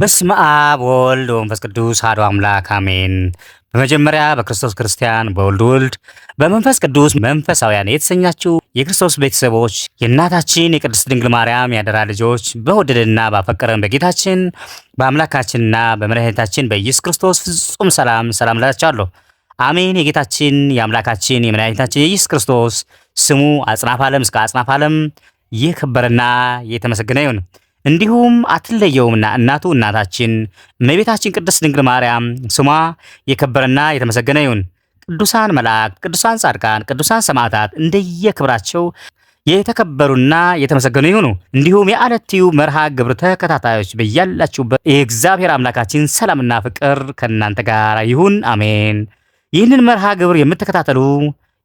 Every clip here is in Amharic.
በስመ አብ ወልድ ወመንፈስ ቅዱስ አሐዱ አምላክ አሜን። በመጀመሪያ በክርስቶስ ክርስቲያን በወልድ ወልድ በመንፈስ ቅዱስ መንፈሳውያን የተሰኛችው የክርስቶስ ቤተሰቦች የእናታችን የቅድስት ድንግል ማርያም ያደራ ልጆች በወደደና ባፈቀረን በጌታችን በአምላካችንና በመድኃኒታችን በኢየሱስ ክርስቶስ ፍጹም ሰላም ሰላም እላችኋለሁ። አሜን። የጌታችን የአምላካችን የመድኃኒታችን የኢየሱስ ክርስቶስ ስሙ አጽናፍ ዓለም እስከ አጽናፍ ዓለም የከበረና የተመሰገነ ይሁን። እንዲሁም አትለየውምና እናቱ እናታችን እመቤታችን ቅድስት ድንግል ማርያም ስሟ የከበረና የተመሰገነ ይሁን። ቅዱሳን መላእክት፣ ቅዱሳን ጻድቃን፣ ቅዱሳን ሰማዕታት እንደየክብራቸው የተከበሩና የተመሰገኑ ይሁኑ። እንዲሁም የአለትዩ መርሃ ግብር ተከታታዮች በያላችሁበት የእግዚአብሔር አምላካችን ሰላምና ፍቅር ከእናንተ ጋር ይሁን፣ አሜን። ይህንን መርሃ ግብር የምትከታተሉ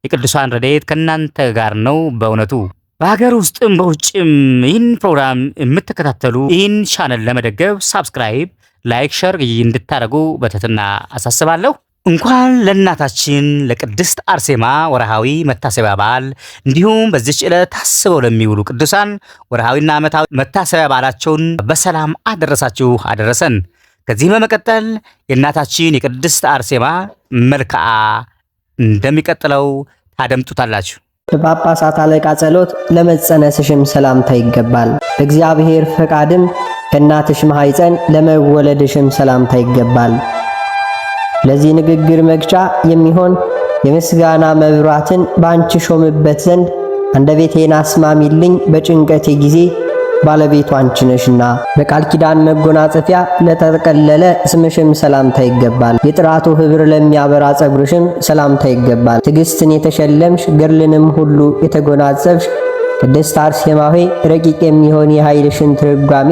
የቅዱሳን ረድኤት ከእናንተ ጋር ነው በእውነቱ በሀገር ውስጥም በውጭም ይህን ፕሮግራም የምትከታተሉ ይህን ቻነል ለመደገፍ ሳብስክራይብ፣ ላይክ፣ ሸር እንድታደርጉ በትህትና አሳስባለሁ። እንኳን ለእናታችን ለቅድስት አርሴማ ወርሃዊ መታሰቢያ በዓል እንዲሁም በዚች ዕለት ታስበው ለሚውሉ ቅዱሳን ወርሃዊና ዓመታዊ መታሰቢያ በዓላቸውን በሰላም አደረሳችሁ አደረሰን። ከዚህ በመቀጠል የእናታችን የቅድስት አርሴማ መልክዓ እንደሚቀጥለው ታደምጡታላችሁ። በጳጳሳት አለቃ ጸሎት ለመጸነስሽም ሰላምታ ይገባል። እግዚአብሔር ፈቃድም ከእናትሽ ማኅፀን ለመወለድሽም ሰላምታ ይገባል። ለዚህ ንግግር መግጫ የሚሆን የምስጋና መብራትን በአንቺ ሾምበት ዘንድ አንደበቴን አስማሚልኝ በጭንቀቴ ጊዜ ባለቤቱ አንቺ ነሽና በቃል ኪዳን መጎናጸፊያ ለተጠቀለለ ስምሽም ሰላምታ ይገባል። የጥራቱ ህብር ለሚያበራ ጸጉርሽም ሰላምታ ይገባል። ትዕግስትን የተሸለምሽ ገርልንም ሁሉ የተጎናጸፍሽ ቅድስት አርሴማ ሆይ ረቂቅ የሚሆን የኃይልሽን ትርጓሜ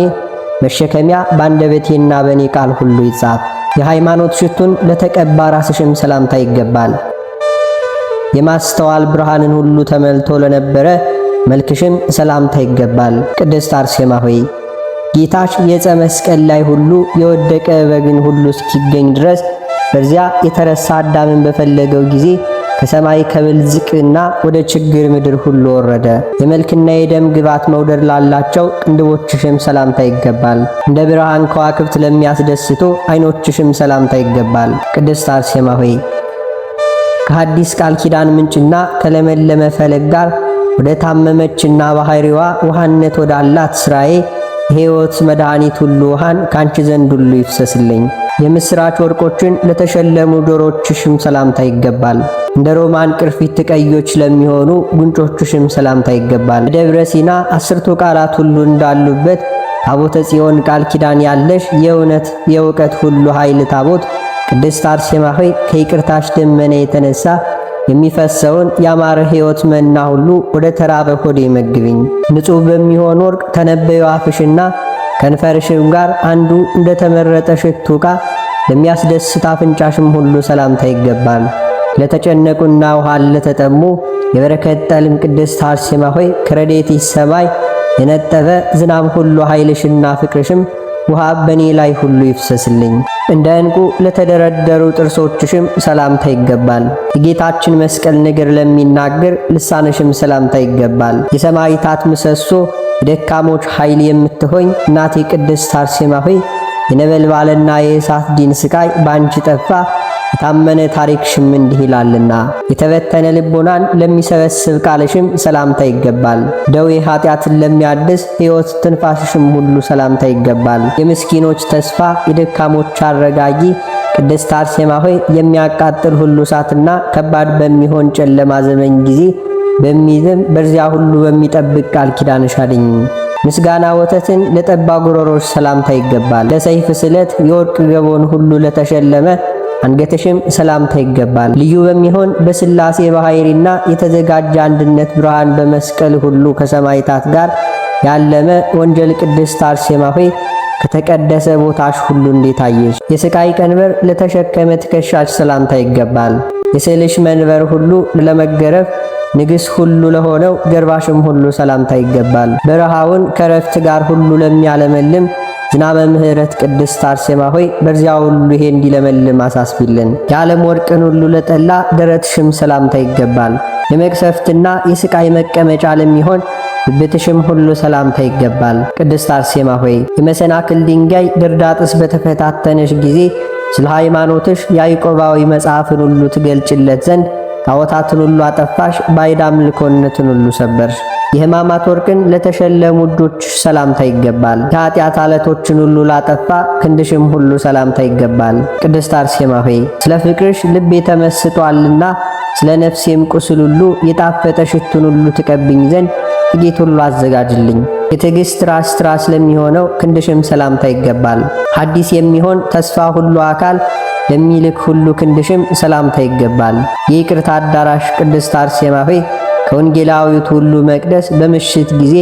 መሸከሚያ በአንደበቴና በእኔ ቃል ሁሉ ይጻፍ። የሃይማኖት ሽቱን ለተቀባ ራስሽም ሰላምታ ይገባል። የማስተዋል ብርሃንን ሁሉ ተመልቶ ለነበረ መልክሽም ሰላምታ ይገባል። ቅድስት አርሴማ ሆይ ጌታሽ የዕፀ መስቀል ላይ ሁሉ የወደቀ በግን ሁሉ እስኪገኝ ድረስ በዚያ የተረሳ አዳምን በፈለገው ጊዜ ከሰማይ ከብልዝቅና ወደ ችግር ምድር ሁሉ ወረደ። የመልክና የደም ግባት መውደድ ላላቸው ቅንድቦችሽም ሰላምታ ይገባል። እንደ ብርሃን ከዋክብት ለሚያስደስቱ ዓይኖችሽም ሰላምታ ይገባል። ቅድስት አርሴማ ሆይ ከሐዲስ ቃል ኪዳን ምንጭና ከለመለመ ፈለግ ጋር ወደ ታመመችና ባህሪዋ ውሃነት ወዳላት ስራዬ የሕይወት መድኃኒት ሁሉ ውሃን ካንቺ ዘንድ ሁሉ ይፍሰስልኝ። የምስራች ወርቆችን ለተሸለሙ ጆሮችሽም ሰላምታ ይገባል። እንደ ሮማን ቅርፊት ቀዮች ለሚሆኑ ጉንጮችሽም ሰላምታ ይገባል። በደብረ ሲና አስርቱ ቃላት ሁሉ እንዳሉበት ታቦተ ጽዮን ቃል ኪዳን ያለሽ የእውነት የእውቀት ሁሉ ኃይል ታቦት ቅድስት አርሴማ ሆይ ከይቅርታሽ ደመና የተነሳ የሚፈሰውን ያማረ ሕይወት መና ሁሉ ወደ ተራበ ሆዴ ይመግብኝ። ንጹሕ በሚሆን ወርቅ ተነበዩ አፍሽና ከንፈርሽም ጋር አንዱ እንደ ተመረጠ ሽቱ ዕቃ ለሚያስደስት አፍንጫሽም ሁሉ ሰላምታ ይገባል። ለተጨነቁና ውሃ ለተጠሙ የበረከት ጠልም ቅድስት አርሴማ ሆይ ከረዴት ሰማይ የነጠበ ዝናብ ሁሉ ኃይልሽና ፍቅርሽም ውሃ በእኔ ላይ ሁሉ ይፍሰስልኝ። እንደ ዕንቁ ለተደረደሩ ጥርሶችሽም ሰላምታ ይገባል። የጌታችን መስቀል ንግር ለሚናገር ልሳነሽም ሰላምታ ይገባል። የሰማዕታት ምሰሶ የደካሞች ኃይል የምትሆኝ እናቴ ቅድስት አርሴማ ሆይ የነበልባልና የእሳት ዲን ስቃይ ባንቺ ጠፋ። የታመነ ታሪክ ሽም እንዲህ ይላልና የተበተነ ልቦናን ለሚሰበስብ ሽም ሰላምታ ይገባል። ደዌ ኃጢአትን ለሚያድስ ሕይወት ሽም ሁሉ ሰላምታ ይገባል። የምስኪኖች ተስፋ የደካሞች አረጋጊ ቅድስት አርሴማ ሆይ የሚያቃጥል ሁሉ እሳትና ከባድ በሚሆን ጨለማ ዘመን ጊዜ በሚዝም በዚያ ሁሉ በሚጠብቅ ቃል ኪዳንሽ አድኝ። ምስጋና ወተትን ለጠባ ጉሮሮች ሰላምታ ይገባል። ለሰይፍ ስለት የወርቅ ገቦን ሁሉ ለተሸለመ አንገትሽም ሰላምታ ይገባል። ልዩ በሚሆን በስላሴ ባህይሪና የተዘጋጀ አንድነት ብርሃን በመስቀል ሁሉ ከሰማይታት ጋር ያለመ ወንጀል ቅድስት አርሴማ ሆይ ከተቀደሰ ቦታሽ ሁሉ እንዴት አየሽ? የስቃይ ቀንበር ለተሸከመ ትከሻች ሰላምታ ይገባል። የስዕልሽ መንበር ሁሉ ለመገረፍ ንግስ ሁሉ ለሆነው ጀርባሽም ሁሉ ሰላምታ ይገባል። በረሃውን ከረፍት ጋር ሁሉ ለሚያለመልም ዝናበ ምሕረት ቅድስት አርሴማ ሆይ በዚያ ሁሉ ይሄ እንዲለመልም አሳስቢልን። የዓለም ወርቅን ሁሉ ለጠላ ደረትሽም ሰላምታ ይገባል። የመቅሰፍትና የስቃይ መቀመጫ ለሚሆን ብትሽም ሁሉ ሰላምታ ይገባል። ቅድስት አርሴማ ሆይ የመሰናክል ድንጋይ ድርዳጥስ በተፈታተነሽ ጊዜ ስለ ሃይማኖትሽ የአይቆባዊ መጽሐፍን ሁሉ ትገልጭለት ዘንድ ታወታትን ሁሉ አጠፋሽ፣ ባዕድ ምልኮነትን ሁሉ ሰበርሽ። የሕማማት ወርቅን ለተሸለሙ እጆች ሰላምታ ይገባል። ከኃጢአት አለቶችን ሁሉ ላጠፋ ክንድሽም ሁሉ ሰላምታ ይገባል። ቅድስት አርሴማ ሆይ ስለ ፍቅርሽ ልቤ ተመስጧልና ስለ ነፍሴም ቁስል ሁሉ የጣፈጠ ሽቱን ሁሉ ትቀብኝ ዘንድ ጥቂት ሁሉ አዘጋጅልኝ። የትዕግሥት ራስ ትራ ስለሚሆነው ክንድሽም ሰላምታ ይገባል። አዲስ የሚሆን ተስፋ ሁሉ አካል ለሚልክ ሁሉ ክንድሽም ሰላምታ ይገባል። የይቅርታ አዳራሽ ቅድስት አርሴማ ሆይ ከወንጌላዊት ሁሉ መቅደስ በምሽት ጊዜ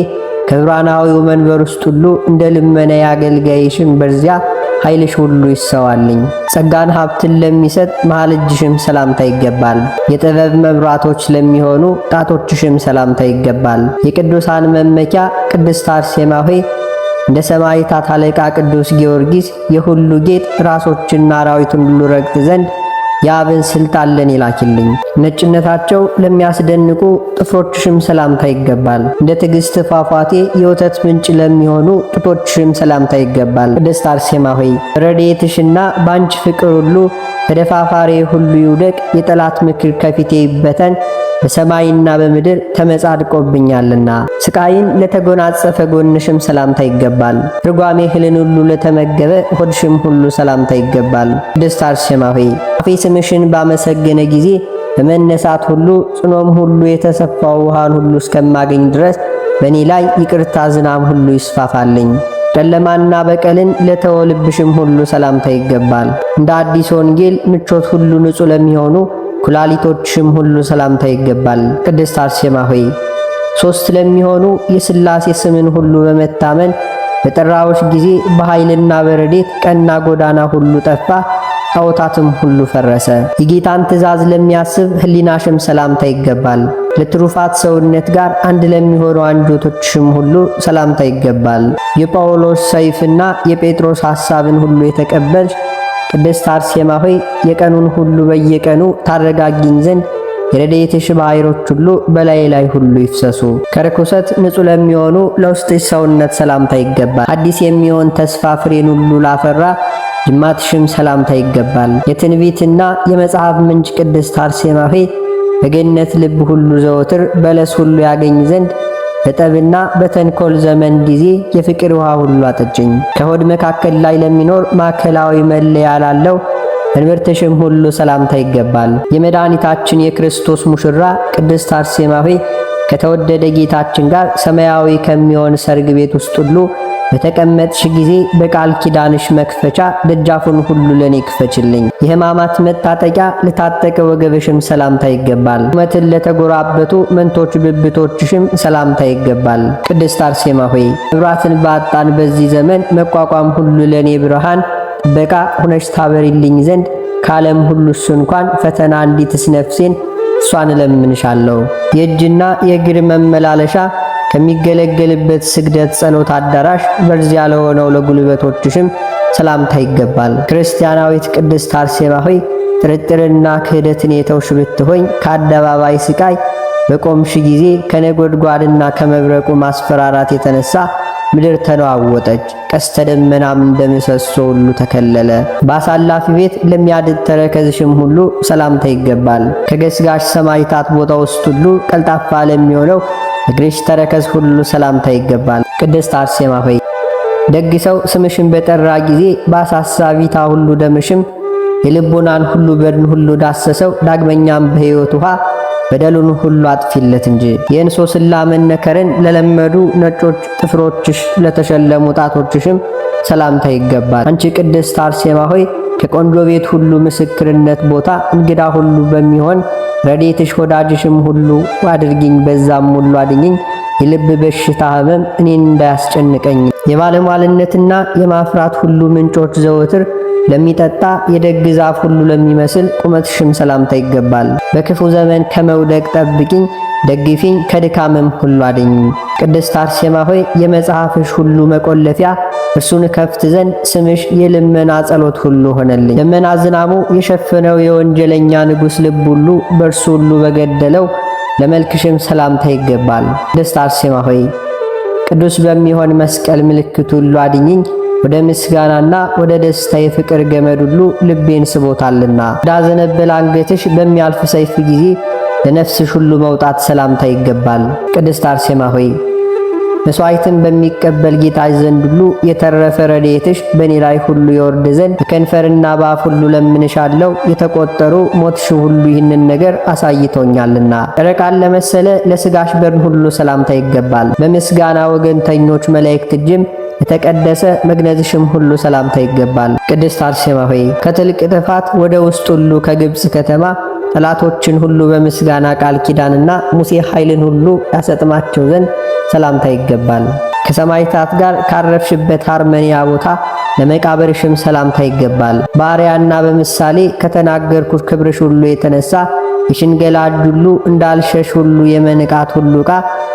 ከብርሃናዊው መንበር ውስጥ ሁሉ እንደ ልመና የአገልጋይሽም በዚያ ኃይልሽ ሁሉ ይሰዋልኝ። ጸጋን ሀብትን ለሚሰጥ መሃል እጅሽም ሰላምታ ይገባል። የጥበብ መብራቶች ለሚሆኑ ጣቶችሽም ሰላምታ ይገባል። የቅዱሳን መመኪያ ቅድስት አርሴማ ሆይ እንደ ሰማዕታት አለቃ ቅዱስ ጊዮርጊስ የሁሉ ጌጥ ራሶችና አራዊቱን ሁሉ ረግጥ ዘንድ የአብን ስልጣን ለኔ ላኪልኝ። ነጭነታቸው ለሚያስደንቁ ጥፍሮችሽም ሰላምታ ይገባል። እንደ ትዕግስት ፏፏቴ የወተት ምንጭ ለሚሆኑ ጡቶችሽም ሰላምታ ይገባል። ቅድስት አርሴማ ሆይ ረድኤትሽና በአንቺ ፍቅር ሁሉ ተደፋፋሪ ሁሉ ይውደቅ፣ የጠላት ምክር ከፊቴ ይበተን። በሰማይና በምድር ተመጻድቆብኛልና ስቃይን ለተጎናጸፈ ጎንሽም ሰላምታ ይገባል። ትርጓሜ እህልን ሁሉ ለተመገበ ሆድሽም ሁሉ ሰላምታ ይገባል። ቅድስት አርሴማ ሆይ አፌ ስምሽን ባመሰገነ ጊዜ በመነሳት ሁሉ ጽኖም ሁሉ የተሰፋው ውሃን ሁሉ እስከማገኝ ድረስ በእኔ ላይ ይቅርታ ዝናም ሁሉ ይስፋፋልኝ። ጨለማና በቀልን ለተወልብሽም ሁሉ ሰላምታ ይገባል። እንደ አዲስ ወንጌል ምቾት ሁሉ ንጹሕ ለሚሆኑ ኩላሊቶችም ሁሉ ሰላምታ ይገባል። ቅድስት አርሴማ ሆይ ሦስት ለሚሆኑ የሥላሴ ስምን ሁሉ በመታመን በጠራዎች ጊዜ በኃይልና በረዴት ቀና ጎዳና ሁሉ ጠፋ፣ ጣዖታትም ሁሉ ፈረሰ። የጌታን ትእዛዝ ለሚያስብ ሕሊናሽም ሰላምታ ይገባል። ለትሩፋት ሰውነት ጋር አንድ ለሚሆኑ አንጆቶችም ሁሉ ሰላምታ ይገባል። የጳውሎስ ሰይፍና የጴጥሮስ ሐሳብን ሁሉ የተቀበልሽ ቅድስት አርሴማ ሆይ የቀኑን ሁሉ በየቀኑ ታረጋጊኝ ዘንድ የረድኤትሽ ባሕሮች ሁሉ በላይ ላይ ሁሉ ይፍሰሱ። ከርኩሰት ንጹሕ ለሚሆኑ ለውስጥሽ ሰውነት ሰላምታ ይገባል። አዲስ የሚሆን ተስፋ ፍሬን ሁሉ ላፈራ ጅማትሽም ሰላምታ ይገባል። የትንቢትና የመጽሐፍ ምንጭ ቅድስት አርሴማ ሆይ በገነት ልብ ሁሉ ዘወትር በለስ ሁሉ ያገኝ ዘንድ በጠብና በተንኮል ዘመን ጊዜ የፍቅር ውሃ ሁሉ አጠጭኝ። ከሆድ መካከል ላይ ለሚኖር ማዕከላዊ መለያ ላለው እንብርትሽም ሁሉ ሰላምታ ይገባል። የመድኃኒታችን የክርስቶስ ሙሽራ ቅድስት አርሴማ ሆይ ከተወደደ ጌታችን ጋር ሰማያዊ ከሚሆን ሰርግ ቤት ውስጥ ሁሉ በተቀመጥሽ ጊዜ በቃል ኪዳንሽ መክፈቻ ደጃፉን ሁሉ ለኔ ክፈችልኝ። የሕማማት መታጠቂያ ለታጠቀ ወገበሽም ሰላምታ ይገባል። ቁመትን ለተጎራበቱ መንቶች ብብቶችሽም ሰላምታ ይገባል። ቅድስት አርሴማ ሆይ መብራትን ባጣን በዚህ ዘመን መቋቋም ሁሉ ለኔ ብርሃን ጥበቃ ሁነሽ ታበሪልኝ ዘንድ ከዓለም ሁሉ እሱ እንኳን ፈተና እንዲትስ ነፍሴን እሷን እለምንሻለሁ። የእጅና የእግር መመላለሻ ከሚገለገልበት ስግደት ጸሎት አዳራሽ በርዚያ ለሆነው ለጉልበቶችሽም ሰላምታ ይገባል። ክርስቲያናዊት ቅድስት አርሴማ ሆይ ጥርጥርና ክህደትን የተውሽ ብትሆኝ ከአደባባይ ስቃይ በቆምሽ ጊዜ ከነጎድጓድና ከመብረቁ ማስፈራራት የተነሳ ምድር ተነዋወጠች፣ ቀስተ ደመናም እንደምሰሶ ሁሉ ተከለለ። በአሳላፊ ቤት ለሚያድድ ተረከዝሽም ሁሉ ሰላምታ ይገባል። ከገስጋሽ ሰማይታት ቦታ ውስጥ ሁሉ ቀልጣፋ ለሚሆነው እግርሽ ተረከዝ ሁሉ ሰላምታ ይገባል። ቅድስት አርሴማ ሆይ ደግ ሰው ስምሽን በጠራ ጊዜ በአሳሳቢታ ሁሉ ደምሽም የልቦናን ሁሉ በድን ሁሉ ዳሰሰው። ዳግመኛም በሕይወት ውሃ በደሉን ሁሉ አጥፊለት እንጂ ስላመን መነከርን ለለመዱ ነጮች ጥፍሮችሽ ለተሸለሙ ጣቶችሽም ሰላምታ ይገባል። አንቺ ቅድስት አርሴማ ሆይ ከቆንጆ ቤት ሁሉ ምስክርነት ቦታ እንግዳ ሁሉ በሚሆን ረዴትሽ ወዳጅሽም ሁሉ አድርግኝ በዛም ሁሉ አድኝኝ። የልብ በሽታ ህመም እኔን እንዳያስጨንቀኝ የባለሟልነትና የማፍራት ሁሉ ምንጮች ዘወትር ለሚጠጣ የደግ ዛፍ ሁሉ ለሚመስል ቁመትሽም ሰላምታ ይገባል። በክፉ ዘመን ከመውደቅ ጠብቂኝ ደግፊኝ ከድካምም ሁሉ አድኝ። ቅድስት አርሴማ ሆይ የመጽሐፍሽ ሁሉ መቆለፊያ እርሱን ከፍት ዘንድ ስምሽ የልመና ጸሎት ሁሉ ሆነልኝ። ልመና ዝናሙ የሸፈነው የወንጀለኛ ንጉሥ ልብ ሁሉ በእርሱ ሁሉ በገደለው ለመልክሽም ሰላምታ ይገባል። ቅድስት አርሴማ ሆይ ቅዱስ በሚሆን መስቀል ምልክት ሁሉ አድኝኝ። ወደ ምስጋናና ወደ ደስታ የፍቅር ገመድ ሁሉ ልቤን ስቦታልና ዳዘነበል አንገትሽ በሚያልፍ ሰይፍ ጊዜ ለነፍስሽ ሁሉ መውጣት ሰላምታ ይገባል። ቅድስት አርሴማ ሆይ መስዋዕትን በሚቀበል ጌታ ዘንድ ሁሉ የተረፈ ረድኤትሽ በእኔ ላይ ሁሉ ይወርድ ዘንድ በከንፈርና በአፍ ሁሉ ለምንሻለው። የተቆጠሩ ሞትሽ ሁሉ ይህንን ነገር አሳይቶኛልና ጨረቃን ለመሰለ ለስጋሽ በርን ሁሉ ሰላምታ ይገባል። በምስጋና ወገንተኞች መላእክት እጅም የተቀደሰ መግነዝሽም ሁሉ ሰላምታ ይገባል። ቅድስት አርሴማ ሆይ ከጥልቅ ጥፋት ወደ ውስጥ ሁሉ ከግብፅ ከተማ ጠላቶችን ሁሉ በምስጋና ቃል ኪዳንና ሙሴ ኃይልን ሁሉ ያሰጥማቸው ዘንድ ሰላምታ ይገባል። ከሰማይታት ጋር ካረፍሽበት አርመንያ ቦታ ለመቃብርሽም ሰላምታ ይገባል። ባሪያና በምሳሌ ከተናገርኩት ክብርሽ ሁሉ የተነሳ የሽንገላ እጅ ሁሉ እንዳልሸሽ ሁሉ የመንቃት ሁሉ ዕቃ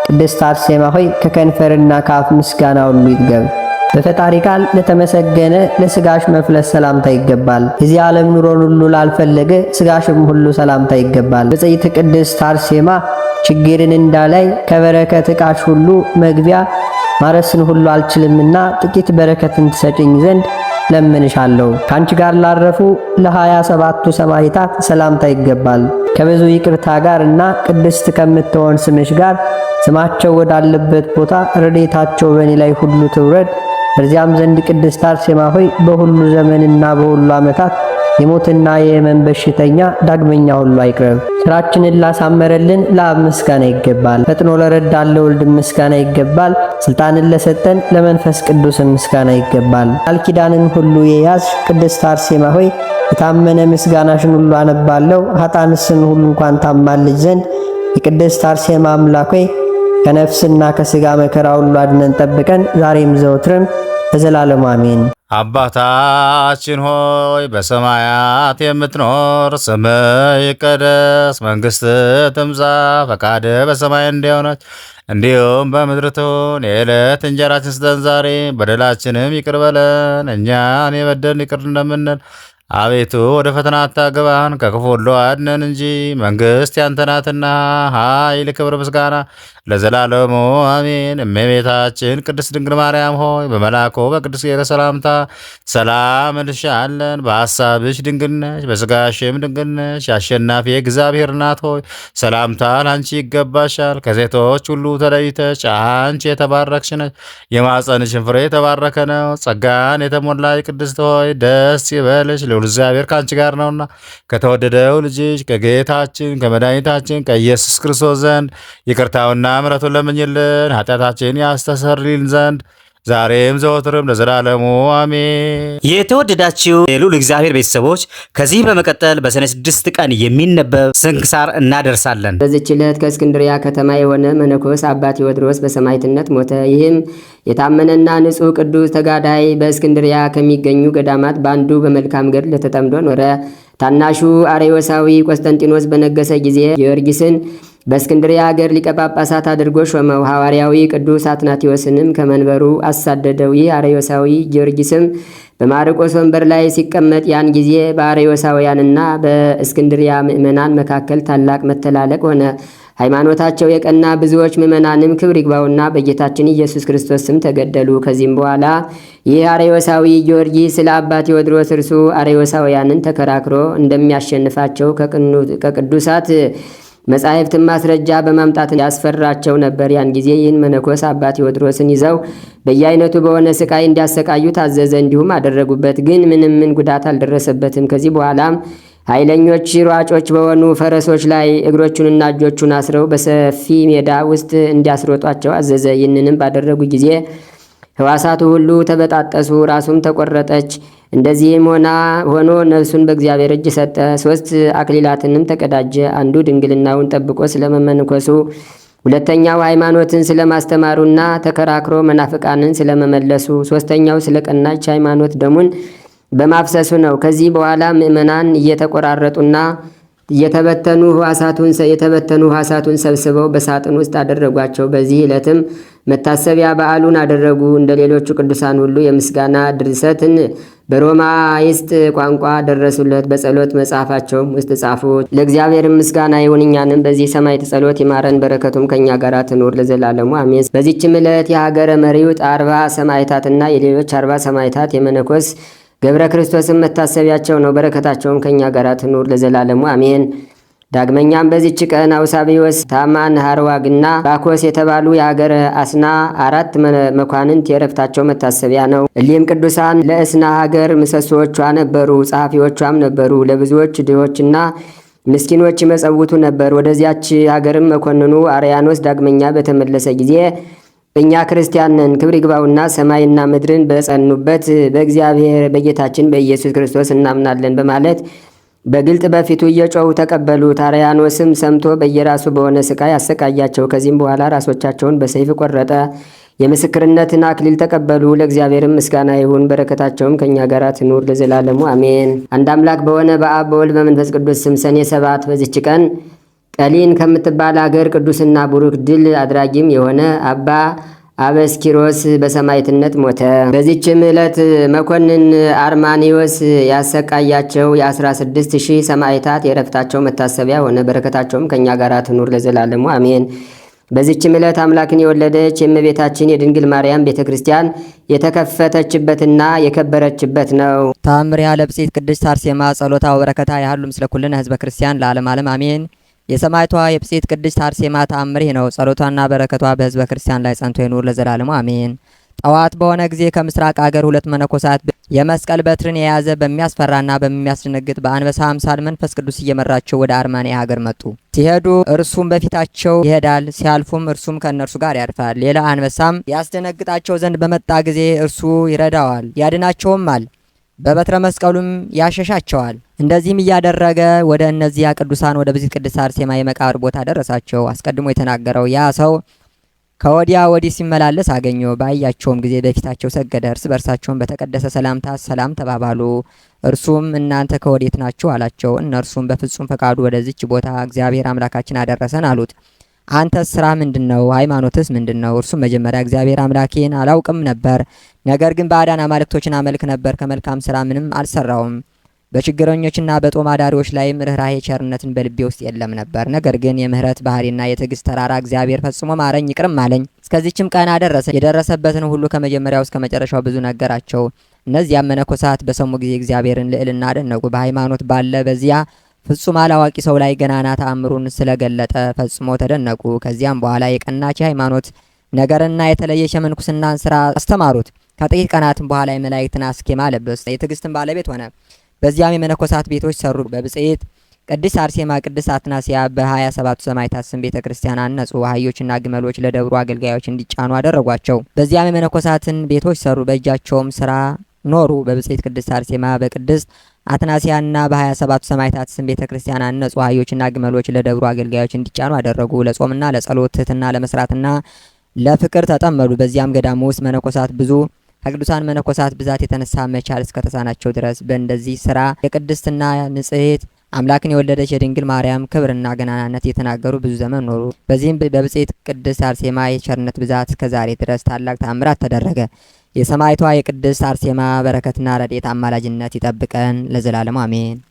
ቅድስት አርሴማ ሆይ ከከንፈርና ከአፍ ምስጋና ሁሉ ይጥገብ። በፈጣሪ ቃል ለተመሰገነ ለስጋሽ መፍለስ ሰላምታ ይገባል። የዚህ ዓለም ኑሮን ሁሉ ላልፈለገ ስጋሽም ሁሉ ሰላምታ ይገባል። ብጽዕት ቅድስት አርሴማ ችግርን እንዳላይ ከበረከት እቃሽ ሁሉ መግቢያ ማረስን ሁሉ አልችልምና ጥቂት በረከትን ትሰጭኝ ዘንድ ለምንሻለሁ። ከአንቺ ጋር ላረፉ ለሃያ ሰባቱ ሰማይታት ሰላምታ ይገባል። ከብዙ ይቅርታ ጋር እና ቅድስት ከምትሆን ስምሽ ጋር ስማቸው ወዳለበት ቦታ ረዴታቸው በእኔ ላይ ሁሉ ትውረድ። በዚያም ዘንድ ቅድስት አርሴማ ሆይ በሁሉ ዘመንና በሁሉ ዓመታት የሞትና የሕመም በሽተኛ ዳግመኛ ሁሉ አይቅረብ። ስራችንን ላሳመረልን ለአብ ምስጋና ይገባል። ፈጥኖ ለረዳን ለወልድ ምስጋና ይገባል። ስልጣንን ለሰጠን ለመንፈስ ቅዱስ ምስጋና ይገባል። ቃል ኪዳንን ሁሉ የያዝ ቅድስት አርሴማ ሆይ የታመነ ምስጋናሽን ሁሉ አነባለሁ። ኃጣንስን ሁሉ እንኳን ታማልጅ ዘንድ የቅድስት አርሴማ አምላክ ሆይ ከነፍስና ከስጋ መከራ ሁሉ አድነን ጠብቀን ዛሬም ዘወትርም ለዘላለም አሜን። አባታችን ሆይ በሰማያት የምትኖር፣ ስምህ ይቀደስ፣ መንግሥትህ ትምጻ፣ ፈቃድ በሰማይ እንዲሆነች እንዲሁም በምድር ትሁን። የዕለት እንጀራችን ስጠን ዛሬ፣ በደላችንም ይቅር በለን እኛን የበደን ይቅር እንደምንል አቤቱ ወደ ፈተና አታግባን ከክፉ ሁሉ አድነን እንጂ መንግሥት ያንተ ናትና ኃይል፣ ክብር፣ ምስጋና ለዘላለሙ አሜን። እመቤታችን ቅድስት ድንግል ማርያም ሆይ በመልአኩ በቅዱስ ጌረ ሰላምታ ሰላም እንልሻለን። በሐሳብሽ ድንግል ነሽ፣ በሥጋሽም ድንግል ነሽ። የአሸናፊ እግዚአብሔር ናት ሆይ ሰላምታ ለአንቺ ይገባሻል። ከሴቶች ሁሉ ተለይተሽ አንቺ የተባረክሽ ነሽ፣ የማፀንሽን ፍሬ የተባረከ ነው። ጸጋን የተሞላሽ ቅድስት ሆይ ደስ ይበልሽ ልዑል እግዚአብሔር ከአንቺ ጋር ነውና ከተወደደው ልጅሽ ከጌታችን ከመድኃኒታችን ከኢየሱስ ክርስቶስ ዘንድ ይቅርታውና ምሕረቱን ለምኝልን ኃጢአታችን ያስተሰርልን ዘንድ ዛሬም ዘወትርም ለዘላለሙ አሜን። የተወደዳችሁ የልዑል እግዚአብሔር ቤተሰቦች ከዚህ በመቀጠል በሰኔ ስድስት ቀን የሚነበብ ስንክሳር እናደርሳለን። በዚች ዕለት ከእስክንድሪያ ከተማ የሆነ መነኮስ አባት ቴዎድሮስ በሰማዕትነት ሞተ። ይህም የታመነና ንጹሕ ቅዱስ ተጋዳይ በእስክንድሪያ ከሚገኙ ገዳማት በአንዱ በመልካም ገድል ተጠምዶ ኖረ። ታናሹ አሬዎሳዊ ቆስጠንጢኖስ በነገሰ ጊዜ ጊዮርጊስን በእስክንድሪያ አገር ሊቀ ጳጳሳት አድርጎ ሾመው። ሐዋርያዊ ቅዱስ አትናቴዎስንም ከመንበሩ አሳደደው። ይህ አርዮሳዊ ጊዮርጊስም በማርቆስ ወንበር ላይ ሲቀመጥ ያን ጊዜ በአርዮሳውያንና በእስክንድሪያ ምእመናን መካከል ታላቅ መተላለቅ ሆነ። ሃይማኖታቸው የቀና ብዙዎች ምእመናንም ክብር ይግባውና በጌታችን ኢየሱስ ክርስቶስ ስም ተገደሉ። ከዚህም በኋላ ይህ አርዮሳዊ ጊዮርጊስ ስለ አባ ቴዎድሮስ እርሱ አርዮሳውያንን ተከራክሮ እንደሚያሸንፋቸው ከቅዱሳት መጻሕፍትን ማስረጃ በማምጣት ያስፈራቸው ነበር። ያን ጊዜ ይህን መነኮስ አባ ቴዎድሮስን ይዘው በየአይነቱ በሆነ ስቃይ እንዲያሰቃዩ ታዘዘ። እንዲሁም አደረጉበት፣ ግን ምንም ምን ጉዳት አልደረሰበትም። ከዚህ በኋላም ኃይለኞች ሯጮች በሆኑ ፈረሶች ላይ እግሮቹንና እጆቹን አስረው በሰፊ ሜዳ ውስጥ እንዲያስሮጧቸው አዘዘ። ይህንንም ባደረጉ ጊዜ ሕዋሳቱ ሁሉ ተበጣጠሱ፣ ራሱም ተቆረጠች። እንደዚህም ሆና ሆኖ ነፍሱን በእግዚአብሔር እጅ ሰጠ። ሶስት አክሊላትንም ተቀዳጀ። አንዱ ድንግልናውን ጠብቆ ስለመመንኮሱ፣ ሁለተኛው ሃይማኖትን ስለማስተማሩና ተከራክሮ መናፍቃንን ስለመመለሱ፣ ሶስተኛው ስለ ቀናች ሃይማኖት ደሙን በማፍሰሱ ነው። ከዚህ በኋላ ምእመናን እየተቆራረጡና የተበተኑ ህዋሳቱን የተበተኑ ህዋሳቱን ሰብስበው በሳጥን ውስጥ አደረጓቸው። በዚህ ዕለትም መታሰቢያ በዓሉን አደረጉ። እንደ ሌሎቹ ቅዱሳን ሁሉ የምስጋና ድርሰትን በሮማይስጥ ቋንቋ ደረሱለት። በጸሎት መጽሐፋቸውም ውስጥ ጻፉ። ለእግዚአብሔር ምስጋና ይሁን፣ እኛንም በዚህ ሰማዕት ጸሎት ይማረን፣ በረከቱም ከእኛ ጋር ትኑር ለዘላለሙ አሜን። በዚችም ዕለት የሀገረ መሪውጥ አርባ ሰማዕታትና የሌሎች አርባ ሰማዕታት የመነኮስ ገብረ ክርስቶስም መታሰቢያቸው ነው። በረከታቸውም ከእኛ ጋር ትኑር ለዘላለሙ አሜን። ዳግመኛም በዚች ቀን አውሳቢዎስ፣ ታማን፣ ሃርዋግና ባኮስ የተባሉ የሀገረ አስና አራት መኳንንት የረፍታቸው መታሰቢያ ነው። እሊም ቅዱሳን ለእስና ሀገር ምሰሶዎቿ ነበሩ፣ ጸሐፊዎቿም ነበሩ። ለብዙዎች ድሆችና ምስኪኖች ይመጸውቱ ነበር። ወደዚያች ሀገርም መኮንኑ አርያኖስ ዳግመኛ በተመለሰ ጊዜ እኛ ክርስቲያን ነን። ክብር ይግባውና ሰማይና ምድርን በጸኑበት በእግዚአብሔር በጌታችን በኢየሱስ ክርስቶስ እናምናለን በማለት በግልጥ በፊቱ እየጮሁ ተቀበሉት። አርያኖስም ሰምቶ በየራሱ በሆነ ስቃይ አሰቃያቸው። ከዚህም በኋላ ራሶቻቸውን በሰይፍ ቆረጠ። የምስክርነትን አክሊል ተቀበሉ። ለእግዚአብሔርም ምስጋና ይሁን፣ በረከታቸውም ከእኛ ጋር ትኑር ለዘላለሙ አሜን። አንድ አምላክ በሆነ በአብ በወልድ በመንፈስ ቅዱስ ስም ሰኔ ሰባት በዚች ቀን ቀሊን ከምትባል አገር ቅዱስና ቡሩክ ድል አድራጊም የሆነ አባ አበስኪሮስ በሰማይትነት ሞተ። በዚችም ዕለት መኮንን አርማኒዎስ ያሰቃያቸው የ16 ሺህ ሰማይታት የረፍታቸው መታሰቢያ ሆነ። በረከታቸውም ከእኛ ጋር ትኑር ለዘላለሙ አሜን። በዚችም ዕለት አምላክን የወለደች የእመቤታችን የድንግል ማርያም ቤተ ክርስቲያን የተከፈተችበትና የከበረችበት ነው። ታምሪያ ለብጽት ቅድስት አርሴማ ጸሎታ ወበረከታ ያህሉ ምስለ ኩልነ ህዝበ ክርስቲያን ለዓለም ዓለም አሜን። የሰማዕቷ የብጽዕት ቅድስት አርሴማ ተአምር ነው። ጸሎቷና በረከቷ በሕዝበ ክርስቲያን ላይ ጸንቶ ይኑር ለዘላለሙ አሜን። ጠዋት በሆነ ጊዜ ከምስራቅ አገር ሁለት መነኮሳት የመስቀል በትርን የያዘ በሚያስፈራና በሚያስደነግጥ በአንበሳ አምሳል መንፈስ ቅዱስ እየመራቸው ወደ አርማንያ ሀገር መጡ። ሲሄዱ እርሱም በፊታቸው ይሄዳል፣ ሲያልፉም እርሱም ከእነርሱ ጋር ያርፋል ሌላ አንበሳም ያስደነግጣቸው ዘንድ በመጣ ጊዜ እርሱ ይረዳዋል ያድናቸውማል። በበትረ መስቀሉም ያሸሻቸዋል። እንደዚህም እያደረገ ወደ እነዚያ ቅዱሳን ወደ ብዚት ቅድስት አርሴማ የመቃብር ቦታ ደረሳቸው። አስቀድሞ የተናገረው ያ ሰው ከወዲያ ወዲህ ሲመላለስ አገኘው። ባያቸውም ጊዜ በፊታቸው ሰገደ። እርስ በርሳቸውም በተቀደሰ ሰላምታ ሰላም ተባባሉ። እርሱም እናንተ ከወዴት ናችሁ አላቸው። እነርሱም በፍጹም ፈቃዱ ወደዚች ቦታ እግዚአብሔር አምላካችን አደረሰን አሉት። አንተ ስራ ምንድን ነው? ሃይማኖትስ ምንድን ነው? እርሱም መጀመሪያ እግዚአብሔር አምላኬን አላውቅም ነበር ነገር ግን ባዕዳን አማልክቶችን አመልክ ነበር፣ ከመልካም ስራ ምንም አልሰራውም። በችግረኞችና በጦም አዳሪዎች ላይም ርኅራሄ ቸርነትን በልቤ ውስጥ የለም ነበር። ነገር ግን የምህረት ባህሪና የትዕግስት ተራራ እግዚአብሔር ፈጽሞ ማረኝ ይቅርም አለኝ። እስከዚችም ቀን አደረሰ። የደረሰበትን ሁሉ ከመጀመሪያው እስከ መጨረሻው ብዙ ነገራቸው። እነዚያም መነኮሳት በሰሙ ጊዜ እግዚአብሔርን ልዕልና አደነቁ። በሃይማኖት ባለ በዚያ ፍጹም አላዋቂ ሰው ላይ ገናና ተአምሩን ስለገለጠ ፈጽሞ ተደነቁ። ከዚያም በኋላ የቀናች ሃይማኖት ነገርና የተለየ የምንኩስናን ስራ አስተማሩት። ከጥቂት ቀናትም በኋላ የመላእክትን አስኬማ ለበሱ፣ የትዕግስትን ባለቤት ሆነ። በዚያም የመነኮሳት ቤቶች ሰሩ። በብጽሔት ቅድስት አርሴማ፣ ቅድስት አትናስያ በሀያ ሰባቱ ሰማዕታት ስም ቤተ ክርስቲያን አነጹ። አህዮችና ግመሎች ለደብሩ አገልጋዮች እንዲጫኑ አደረጓቸው። በዚያም የመነኮሳትን ቤቶች ሰሩ፣ በእጃቸውም ስራ ኖሩ። በብጽሔት ቅድስት አርሴማ፣ በቅድስት አትናስያና በሀያ ሰባቱ ሰማዕታት ስም ቤተ ክርስቲያን አነጹ። አህዮችና ግመሎች ለደብሩ አገልጋዮች እንዲጫኑ አደረጉ። ለጾምና ለጸሎት ትሕትና ለመስራትና ለፍቅር ተጠመዱ። በዚያም ገዳሙ ውስጥ መነኮሳት ብዙ ከቅዱሳን መነኮሳት ብዛት የተነሳ መቻል እስከተሳናቸው ድረስ በእንደዚህ ስራ የቅድስትና ንጽሕት አምላክን የወለደች የድንግል ማርያም ክብርና ገናናነት የተናገሩ ብዙ ዘመን ኖሩ። በዚህም በብጽዕት ቅድስት አርሴማ የቸርነት ብዛት እስከዛሬ ድረስ ታላቅ ተአምራት ተደረገ። የሰማይቷ የቅድስት አርሴማ በረከትና ረድኤት አማላጅነት ይጠብቀን ለዘላለሙ አሜን።